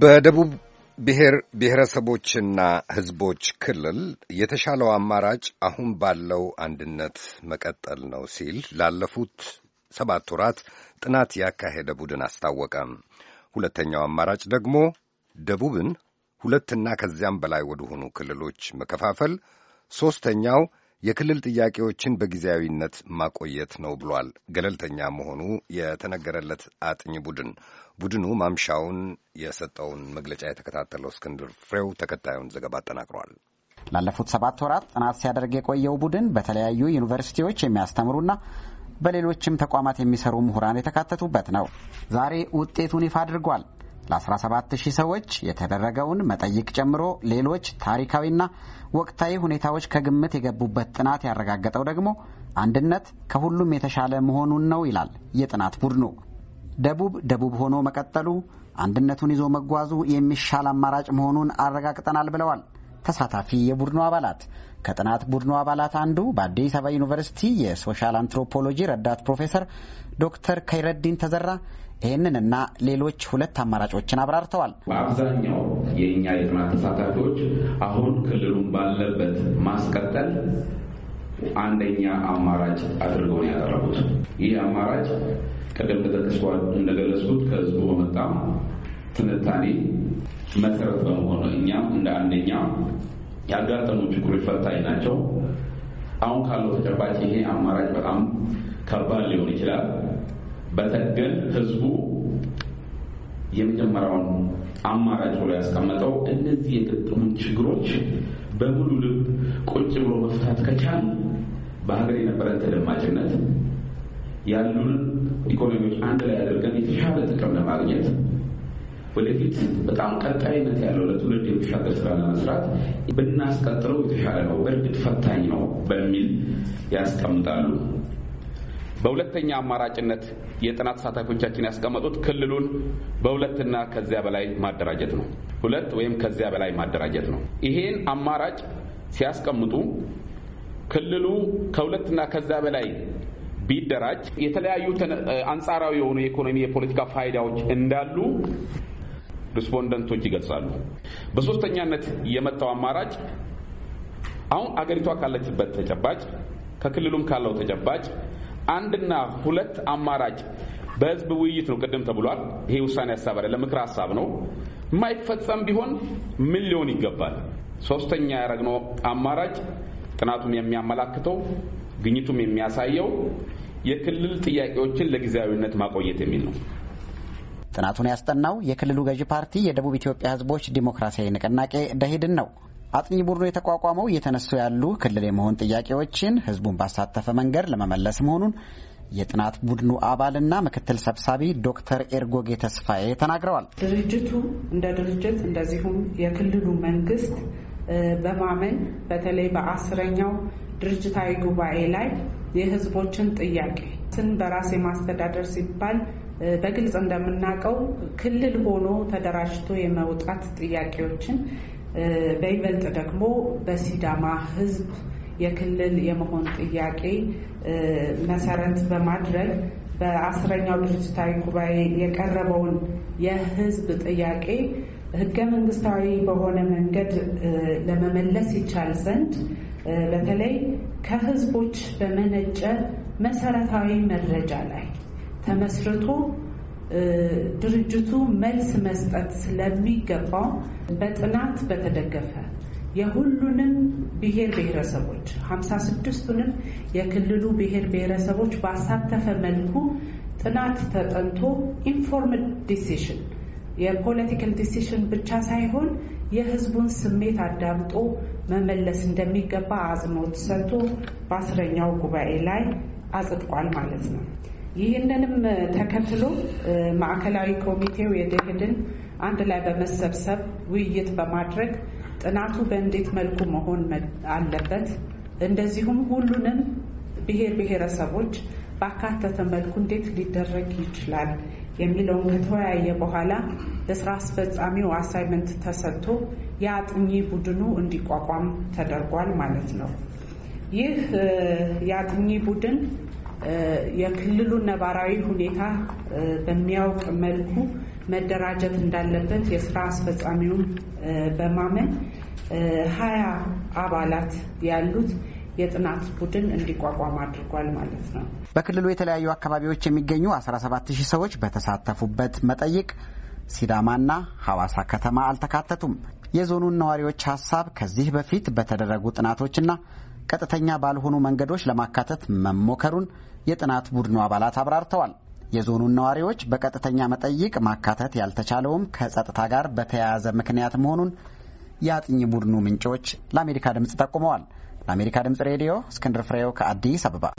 በደቡብ ብሔር ብሔረሰቦችና ሕዝቦች ክልል የተሻለው አማራጭ አሁን ባለው አንድነት መቀጠል ነው ሲል ላለፉት ሰባት ወራት ጥናት ያካሄደ ቡድን አስታወቀ። ሁለተኛው አማራጭ ደግሞ ደቡብን ሁለትና ከዚያም በላይ ወደሆኑ ክልሎች መከፋፈል፣ ሦስተኛው የክልል ጥያቄዎችን በጊዜያዊነት ማቆየት ነው ብሏል። ገለልተኛ መሆኑ የተነገረለት አጥኚ ቡድን ቡድኑ ማምሻውን የሰጠውን መግለጫ የተከታተለው እስክንድር ፍሬው ተከታዩን ዘገባ አጠናቅሯል። ላለፉት ሰባት ወራት ጥናት ሲያደርግ የቆየው ቡድን በተለያዩ ዩኒቨርሲቲዎች የሚያስተምሩና በሌሎችም ተቋማት የሚሰሩ ምሁራን የተካተቱበት ነው። ዛሬ ውጤቱን ይፋ አድርጓል። ለ17 ሺህ ሰዎች የተደረገውን መጠይቅ ጨምሮ ሌሎች ታሪካዊና ወቅታዊ ሁኔታዎች ከግምት የገቡበት ጥናት ያረጋገጠው ደግሞ አንድነት ከሁሉም የተሻለ መሆኑን ነው ይላል የጥናት ቡድኑ። ደቡብ ደቡብ ሆኖ መቀጠሉ፣ አንድነቱን ይዞ መጓዙ የሚሻል አማራጭ መሆኑን አረጋግጠናል ብለዋል ተሳታፊ የቡድኑ አባላት። ከጥናት ቡድኑ አባላት አንዱ በአዲስ አበባ ዩኒቨርሲቲ የሶሻል አንትሮፖሎጂ ረዳት ፕሮፌሰር ዶክተር ከይረዲን ተዘራ ይህንንና ሌሎች ሁለት አማራጮችን አብራርተዋል። በአብዛኛው የእኛ የጥናት ተሳታፊዎች አሁን ክልሉን ባለበት ማስቀጠል አንደኛ አማራጭ አድርገውን ያቀረቡት ይህ አማራጭ ቅድም ተጠቅሷል እንደገለጽኩት ከህዝቡ በመጣ ትንታኔ መሰረት በመሆኑ እኛም እንደ አንደኛ ያጋጠሙ ችግሮች ፈታኝ ናቸው። አሁን ካለው ተጨባጭ ይሄ አማራጭ በጣም ከባድ ሊሆን ይችላል። በተገን ህዝቡ የመጀመሪያውን አማራጭ ላይ ያስቀመጠው እነዚህ የገጠሙን ችግሮች በሙሉ ልብ ቁጭ ብሎ መፍታት ከቻል በሀገር የነበረን ተደማጭነት ያሉን ኢኮኖሚዎች አንድ ላይ አድርገን የተሻለ ጥቅም ለማግኘት ወደፊት በጣም ቀጣይነት ያለው ለትውልድ የሚሻገር ስራ ለመስራት ብናስቀጥለው የተሻለ ነው፣ በእርግጥ ፈታኝ ነው በሚል ያስቀምጣሉ። በሁለተኛ አማራጭነት የጥናት ተሳታፊዎቻችን ያስቀመጡት ክልሉን በሁለትና ከዚያ በላይ ማደራጀት ነው። ሁለት ወይም ከዚያ በላይ ማደራጀት ነው። ይሄን አማራጭ ሲያስቀምጡ ክልሉ ከሁለትና ከዚያ በላይ ቢደራጅ የተለያዩ አንጻራዊ የሆኑ የኢኮኖሚ፣ የፖለቲካ ፋይዳዎች እንዳሉ ሪስፖንደንቶች ይገልጻሉ። በሶስተኛነት የመጣው አማራጭ አሁን አገሪቷ ካለችበት ተጨባጭ ከክልሉም ካለው ተጨባጭ አንድና ሁለት አማራጭ በህዝብ ውይይት ነው ቅድም ተብሏል። ይሄ ውሳኔ ሀሳብ አይደለም፣ ምክር ሀሳብ ነው። የማይፈጸም ቢሆን ምን ሊሆን ይገባል? ሶስተኛ ያደረግነው አማራጭ ጥናቱም የሚያመላክተው ግኝቱም የሚያሳየው የክልል ጥያቄዎችን ለጊዜያዊነት ማቆየት የሚል ነው። ጥናቱን ያስጠናው የክልሉ ገዢ ፓርቲ የደቡብ ኢትዮጵያ ህዝቦች ዲሞክራሲያዊ ንቅናቄ ደሂድን ነው። አጥኚ ቡድኑ የተቋቋመው እየተነሱ ያሉ ክልል የመሆን ጥያቄዎችን ህዝቡን ባሳተፈ መንገድ ለመመለስ መሆኑን የጥናት ቡድኑ አባልና ምክትል ሰብሳቢ ዶክተር ኤርጎጌ ተስፋዬ ተናግረዋል። ድርጅቱ እንደ ድርጅት እንደዚሁም የክልሉ መንግስት በማመን በተለይ በአስረኛው ድርጅታዊ ጉባኤ ላይ የህዝቦችን ጥያቄ ስን ማስተዳደር ሲባል በግልጽ እንደምናውቀው ክልል ሆኖ ተደራጅቶ የመውጣት ጥያቄዎችን በይበልጥ ደግሞ በሲዳማ ህዝብ የክልል የመሆን ጥያቄ መሰረት በማድረግ በአስረኛው ድርጅታዊ ጉባኤ የቀረበውን የህዝብ ጥያቄ ህገ መንግስታዊ በሆነ መንገድ ለመመለስ ይቻል ዘንድ በተለይ ከህዝቦች በመነጨ መሰረታዊ መረጃ ላይ ተመስርቶ ድርጅቱ መልስ መስጠት ስለሚገባው በጥናት በተደገፈ የሁሉንም ብሔር ብሔረሰቦች ሀምሳ ስድስቱንም የክልሉ ብሔር ብሔረሰቦች ባሳተፈ መልኩ ጥናት ተጠንቶ ኢንፎርምድ ዲሲሽን የፖለቲካል ዲሲሽን ብቻ ሳይሆን የሕዝቡን ስሜት አዳምጦ መመለስ እንደሚገባ አጽንኦት ሰጥቶ በአስረኛው ጉባኤ ላይ አጽድቋል ማለት ነው። ይህንንም ተከትሎ ማዕከላዊ ኮሚቴው የድህድን አንድ ላይ በመሰብሰብ ውይይት በማድረግ ጥናቱ በእንዴት መልኩ መሆን አለበት፣ እንደዚሁም ሁሉንም ብሔር ብሔረሰቦች ባካተተ መልኩ እንዴት ሊደረግ ይችላል የሚለውን ከተወያየ በኋላ ለስራ አስፈጻሚው አሳይመንት ተሰጥቶ የአጥኚ ቡድኑ እንዲቋቋም ተደርጓል ማለት ነው። ይህ የአጥኚ ቡድን የክልሉን ነባራዊ ሁኔታ በሚያውቅ መልኩ መደራጀት እንዳለበት የስራ አስፈጻሚውን በማመን ሀያ አባላት ያሉት የጥናት ቡድን እንዲቋቋም አድርጓል ማለት ነው። በክልሉ የተለያዩ አካባቢዎች የሚገኙ 17 ሺህ ሰዎች በተሳተፉበት መጠይቅ ሲዳማና ሐዋሳ ከተማ አልተካተቱም። የዞኑን ነዋሪዎች ሀሳብ ከዚህ በፊት በተደረጉ ጥናቶችና ቀጥተኛ ባልሆኑ መንገዶች ለማካተት መሞከሩን የጥናት ቡድኑ አባላት አብራርተዋል። የዞኑን ነዋሪዎች በቀጥተኛ መጠይቅ ማካተት ያልተቻለውም ከጸጥታ ጋር በተያያዘ ምክንያት መሆኑን የአጥኚ ቡድኑ ምንጮች ለአሜሪካ ድምፅ ጠቁመዋል። ለአሜሪካ ድምፅ ሬዲዮ እስክንድር ፍሬው ከአዲስ አበባ